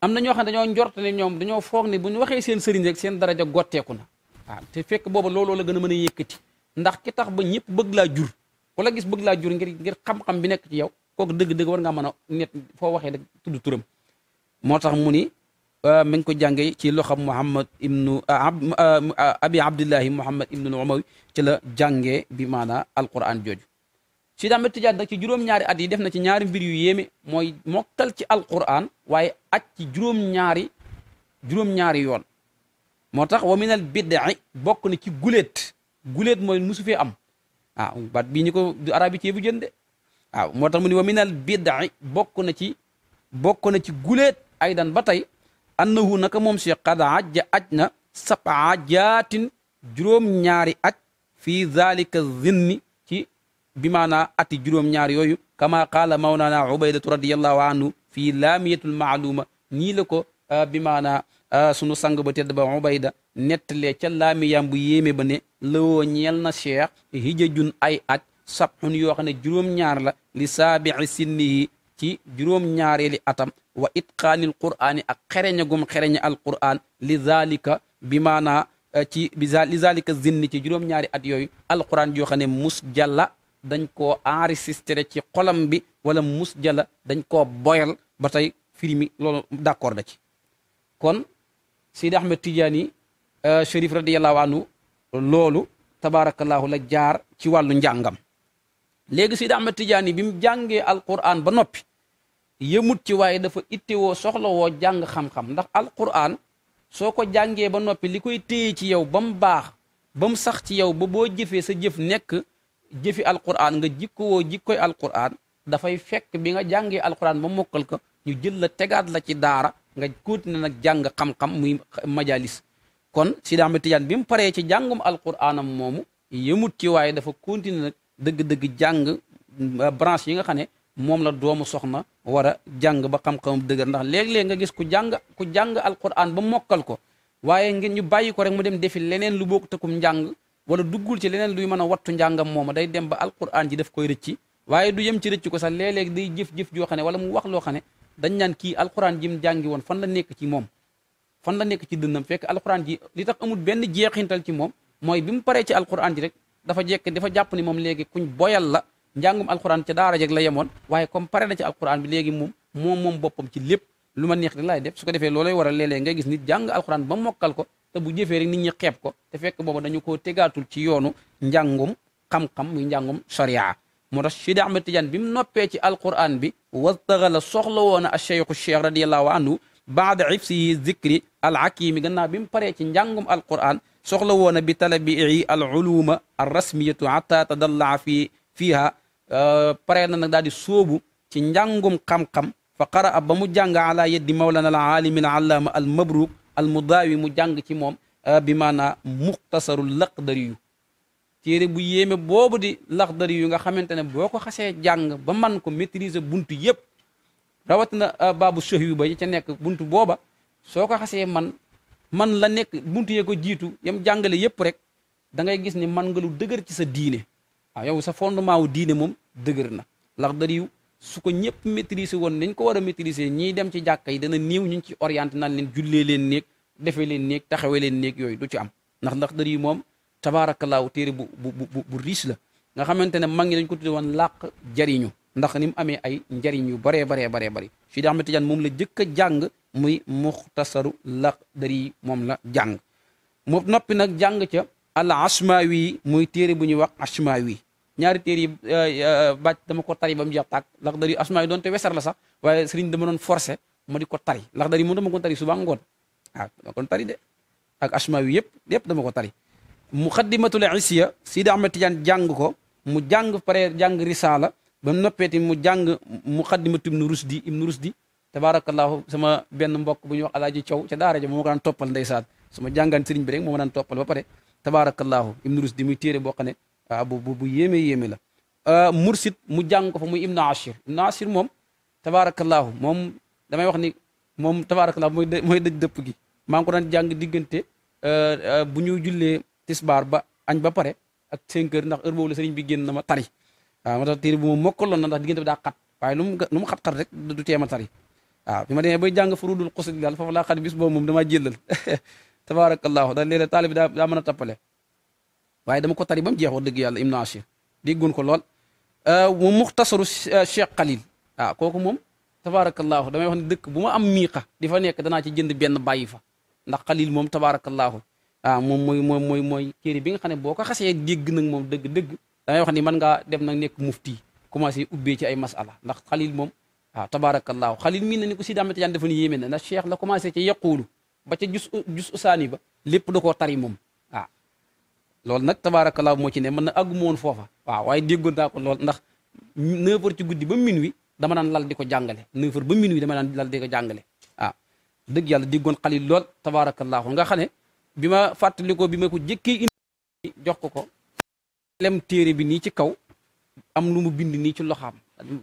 am na ñoo xam ne dañoo njort ne ñoom dañoo foog ne bu ñu waxee seen sëriñ rek seen daraja gotteeku na waaw te fekk booba looloo la gën a mën a yëkkati ndax ki tax ba ñëpp bëgg laa jur wala gis bëgg laa jur ngir ngir xam-xam bi nekk ci yow kooku dëgg-dëgg war ngaa mën a net foo waxee rek tudd turam moo tax mu ni euh, mi ngi ko jàngee ci loxam Muhammad ibnu euh, euh, abi abdillahi Muhammad ibnu Umawi ci la jàngee bi maanaa alquran jooju si daamé tijaan nag ci juróom-ñaari at yi def na ci ñaari mbir yu yéeme mooy mokkal ci alquran waaye aj ci juróom-ñaari juróom-ñaari yoon moo tax wa minal bidai bokk na ci guleet guleet mooy musu am ah baat ko arabi ci jënde waaw moo tax mu ni wa minal bidai bokk na ci bokk na ci guleet aydan ba tey annahu naka moom si qad ajja aj na sabaa jaatin juróom-ñaari aj fii zalika zinni ci bi maanaa ati juróom-ñaari yooyu kama qaala mawlana ubaydatu radiallahu anhu fii laamiyatul maaluma nii ko bi maanaa sunu sang ba tedd ba ubayda nettalee ca laamiyam bu yéeme ba ne lawoo ñeel na cheikh ay aj sabxun yoo xam ne juróom-ñaar la li saabici sinnihi ci juróom-ñaareeli atam wa itqaanil qur'aani ak xereña gum xereña al li zalika bi maanaa eh, ci li zalika zinni ci juróom-ñaari at alqur'aan yoo xam ne mus jalla dañ koo enregistré ci xolam bi wala mus jalla dañ koo boyal ba tey firi mi loolu d'accord da ci kon Sidi Ahmed Tidiane eh, Chérif radiyallahu anhu loolu tabaarakallaahu la jaar ci wàllu njàngam léegi Sidi Ahmed Tidiane bi mu jàngee alquran ba noppi yëmut ci waaye dafa ittewoo soxla woo jàng xam-xam ndax alquran soo ko jàngee ba noppi li koy téye ci yow ba mu baax ba mu sax ci yow ba boo jëfee sa jëf nekk jëfi alquran nga jikkowoo jikkoy alquran dafay fekk bi nga jàngee alquran ba mokkal ko ñu jël la tegaat la ci daara nga continué nag jàng xam-xam muy majalis kon Sidi Ahmed bi mu paree ci jàngum alquranam moomu yëmut ci waaye dafa continué nag dëgg-dëgg jàng branche yi nga xam ne moom la doomu soxna war a jàng ba xam xam dëgër ndax léeg-léeg nga gis ku jàng ku jàng alquran ba mokkal ko waaye ngeen ñu bàyyi ko rek mu dem defi leneen lu bokk tëkkum njàng wala duggul ci leneen luy mën a wattu njàngam mooma day dem ba alquran ji def koy rëcci waaye du yem ci rëcc ko sax léeg-léeg day jëf-jëf joo xam ne wala mu wax loo xam ne dañ kii alquran ji mu jàngi woon fan la nekk ci moom fan la nekk ci dënnam fekk alquran ji li tax amul benn jeexintal ci moom mooy bi mu paree ci alquran ji rek dafa jekk dafa jàpp ni moom léegi kuñ boyal la njàngum alxuraan ca daara jeg la yemoon waaye comme pare na ci alxuraan bi léegi moom moom moom boppam ci lépp lu ma neex di laay def su ko defee loolay wara léeg-léeg ngay gis nit jàng alxuraan ba mokkal ko te bu jëfee rek nit ñi xeeb ko fekk booba dañu koo tegaatul ci yoonu njàngum xam-xam muy njàngum sharia moo tax Sidi Ahmed Tidiane bi mu noppee ci alquran bi wastaxala soxla woon a cheikhu cheikh radiallahu anhu baada ifsihi zikri al hakimi gannaaw bi mu paree ci njàngum alquran soxla woona bi talabii al uluma al rasmiyatu hatta tadallaa fi fiiha euh, pare na nag daal di sóobu ci njàngum xam-xam fa qara a ba mu jàng ala yeddi mawlana al aalimi al allaama al mabruk al mudaawi mu jàng ci moom euh, bi maanaa muxtasaru laqdariyu téere bu yéeme boobu di laxdariyu nga xamante ne boo ko xasee jàng ba man ko maîtriser buntu yépp rawatina euh, baabu shahwi ba yi ca nekk buntu booba soo ko xasee man man la nekk buntu yee ko jiitu yam jàngale yépp rek dangay gis ni man nga lu dëgër ci sa diine waaw ah, yow sa fondement wu diine moom dëgër na lax dariw su ko ñëpp maîtriser woon nañ ko war a maîtriser ñiy dem ci jàkka yi dana néew ñu ci orienté naan leen jullee leen néeg defee leen néeg taxawee leen néeg yooyu du ci am ndax ndax dariw moom tabaarakallaahu téere bu bu bu bu riis la nga xamante ne mag ñi dañ ko tudde woon làq jariñu ndax ni mu amee ay njariñ yu baree bare baree bari fii da Ahmed Tidiane moom la jëkk a jàng muy muxtasaru laqdari moom la jàng mu noppi nag jàng ca al asmawi muy téere bu ñuy wax asmawi ñaari téere yi euh, euh, bàcc dama ko tari ba mu jeex tàkk laqdari asmawi doonte wesar la sax waaye sëriñ dama doon forcé ma di ko tari laqdari moom dama ko tari suba ngoon waaw ah, dama ko tari de ak asmawi yëpp yëpp dama ko tari muqaddimatul isiya Sidi Ahmed Tidiane jàng ko mu jàng pare jàng risaala ba mu noppeeti mu jàng muqaddimatu ibnu rusdi ibnu rusdi tabaarakallaahu sama benn mbokk bu ñuy wax alaaji Thiaw ca daara ja moo ma daan toppal ndeysaan sama jàngaan sëriñ bi rek moo ma daan toppal ba pare tabaarakallaahu ibnu rusdi téere boo xam ne bu bu bu yéeme yéeme la euh, mursid mu jàng ko fa muy ibnu ashir ibnu ashir moom tabaarakallaahu moom damay wax ni moom tabaarakallaahu mooy mooy dëpp gi maa ngi ko daan jàng diggante euh, euh, bu ñu jullee tisbaar ba añ ba pare ak 5 heures ndax heure boobu la sëriñ bi génn na ma tari waaw moo tax téere bu ma mokkaloon na ndax diggante bi daa xat waaye lu mu lu mu xat-xat rek du teema tari waaw bi ma demee bay jàng furudul xusli daal foofu laa xat bis boobu moom damaa jëllal (laughs) tabaarakallaahu daal léeg-léeg taalib daa daa mën a tappale waaye dama ko tari ba mu jeex wax dëgg yàlla Ibnu Ashir déggoon ko lool euh, mu muxtasaru euh, Cheikh Khalil waaw kooku moom tabaarakallaahu damay wax ne dëkk bu ma am miiqa di fa nekk danaa ci jënd benn bàyyi fa ndax Khalil moom tabaarakallaahu waaw moom mooy mooy mooy mooy kéeri bi nga xam ne boo ko xasee dégg nag moom dëgg-dëgg dangay wax ni mën ngaa dem nag nekk mufti commencé ubbee ci ay masala ndax xalil moom waaw ah, tabaarakallaahu xalil miin na ni ko si daamete jaan dafa ni yéeme na ndax cheikh la commencé ca yaquulu ba ca jus u usaani ba lépp da koo tari moom waaw loolu nag tabaarakallaahu moo ci ne mën na àgguma woon foofa waaw waaye déggoon naa ko lool ndax neuf heures ci guddi ba wi dama naan lal di ko jàngale neuf heures ba minuit dama naan lal di ko jàngale waaw dëgg yàlla déggoon xalil lool tabaarakallaahu nga xam ne bi ma fàttalikoo bi ma ko jëkkee jox ko ko lem téere bi nii ci kaw am lu mu bind nii ci loxaam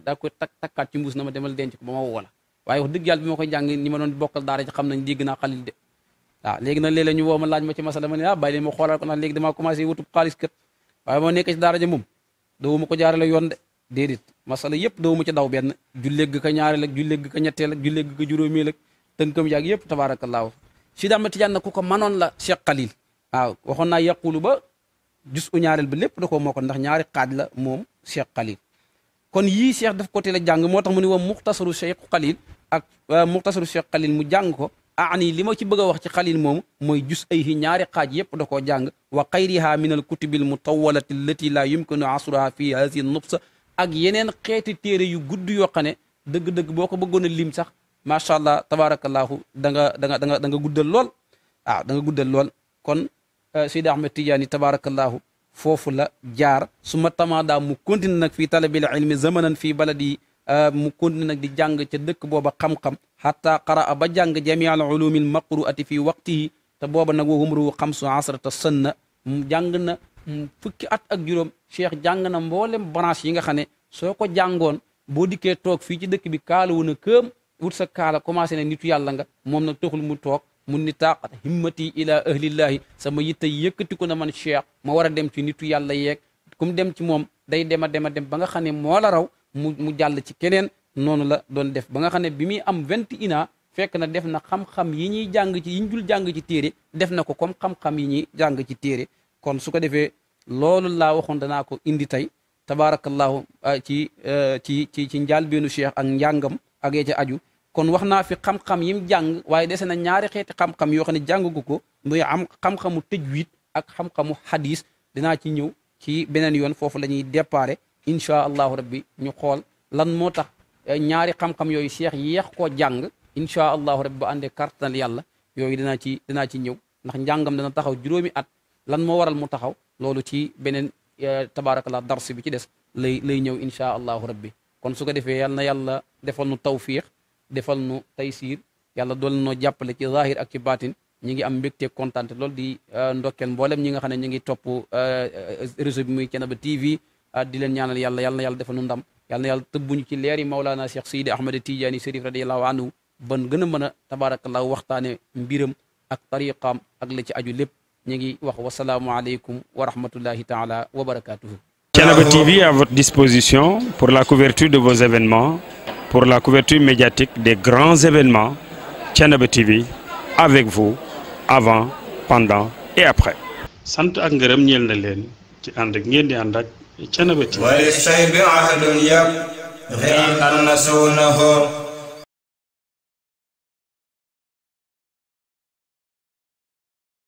daa koy tak takkaat ci mbuus na ma demal denc ko ba ma woo la waaye wax dëgg yàlla bi ma koy jàng ñi ma doon bokkal daara ci xam nañ dégg naa xalil de waaw léegi nag léeg-léeg ñu woo ma laaj ma ci masala ma ne ah bàyyi leen ma xoolal ko ndax léegi damaa commencé wutub xaalis kër waaye moo nekk ci daara ja moom ko jaarale yoon de déedéet masala yëpp dawuma ci daw benn jullegg ka ñaareel ak jullegg ka ñetteel ak jullegg ka juróomeel ak tënkam yàgg yëpp tabaarakallaahu si daama ko manoon la Cheikh Xalil waaw waxoon naa jus u ñaareel bi lépp da koo moo ko ndax ñaari xaaj la moom Cheikh Khalil kon yii Cheikh daf ko teel jàng moo tax mu ne wa muxtasaru Cheikh Khalil ak euh, muxtasaru Cheikh Khalil mu jàng ko aani li ma ci bëgg a wax ci Khalil moom mooy jus ay hi ñaari xaaj yépp da koo jàng wa xayriha min al kutubil mutawalati allati la yumkinu asruha fi hasi nubsa ak yeneen xeeti téere yu gudd yoo xam ne dëgg-dëgg boo ko bëggoon a lim sax macha allah tabarakallahu da nga da nga danga nga da nga lool waaw ah, da nga guddal lool kon Eh, Seydi Ahmed Tidiane tabaarakallaahu foofu la jaar su ma tamaada mu continue nag fii talabil ilmi zamanan fii baladi eh, mu continue nag di jàng ca dëkk booba xam-xam xataa qaraa ba jàng jamial ulumi al maqruati fii waqtihi te booba nag wa umruhu xamsu asrata sanna jàng na mm, fukki at ak juróom cheikh jàng na mboolem branche yi nga xam ne soo ko jàngoon boo dikkee toog fii ci dëkk bi kaalawu na këem wut sa kaala commencé na nitu yàlla nga moom nag taxul mu toog mun ni taaqat himmati ila ahlillaahi sama yitte yëkkatiku na man cheikh ma war a dem ci nitu yàlla yeeg kum dem ci moom day dem a dem a dem ba nga xam ne moo la raw mu mu jàll ci keneen noonu la doon def ba nga xam ne bi muy am vingt et fekk na def na xam-xam yi ñuy jàng ci yi jàng ci téere def na ko comme xam-xam yi ñuy jàng ci téere kon su ko defee loolu laa waxoon danaa ko indi tey tabaarakallahu ah, eh, ci ci ci ci njàlbeenu cheikh ak njàngam ak ci ca aju kon wax naa fi xam-xam yim jàng waaye dese na ñaari xeeti xam-xam yoo xam ne jàngagu ko muy am xam-xamu tajwid ak xam-xamu hadis dinaa ci ñëw ci beneen yoon foofu la ñuy déparé incha allahu rabbi ñu xool lan moo tax eh, ñaari xam-xam yooyu cheikh yéex koo jàng incha allahu rabbi ba àndee kartanal yàlla yooyu dinaa ci dinaa ci ñëw ndax njàngam dana taxaw juróomi at lan moo waral mu taxaw loolu ci beneen eh, tabaarakallah dars bi ci des lay lay ñëw incha allahu rabbi kon su ko defee yal na defal nu taysiir yàlla dool noo jàppale ci zahir ak ci baatin ñi ngi am mbégte kontaan loolu di euh, ndokkeel mboolem ñi nga xam ne ñu ngi topp euh, réseau bi muy Thiénaba TV euh, di leen ñaanal yàlla yàlla na yàlla defal ndam yàlla na yàlla tëbbuñu ci leeri Maulana Cheikh Seydi Ahmed Tidiane Serif radiyallahu anhu ban gën a mën a tabaarakallah waxtaane mbiram ak tariqaam ak la ci aju lépp ñu ngi wax wasalaamualeykum wa rahmatullahi taala wa barakatuhu Thiénaba TV à votre disposition pour la couverture de vos pour la couverture médiatique des grands événements Thiénaba TV avec vous avant pendant et après. sant ak ngërëm ñeel na leen ci ànd ak ngeen di ànd ak Thiénaba TV. wali say bi ahadun yab. xëy na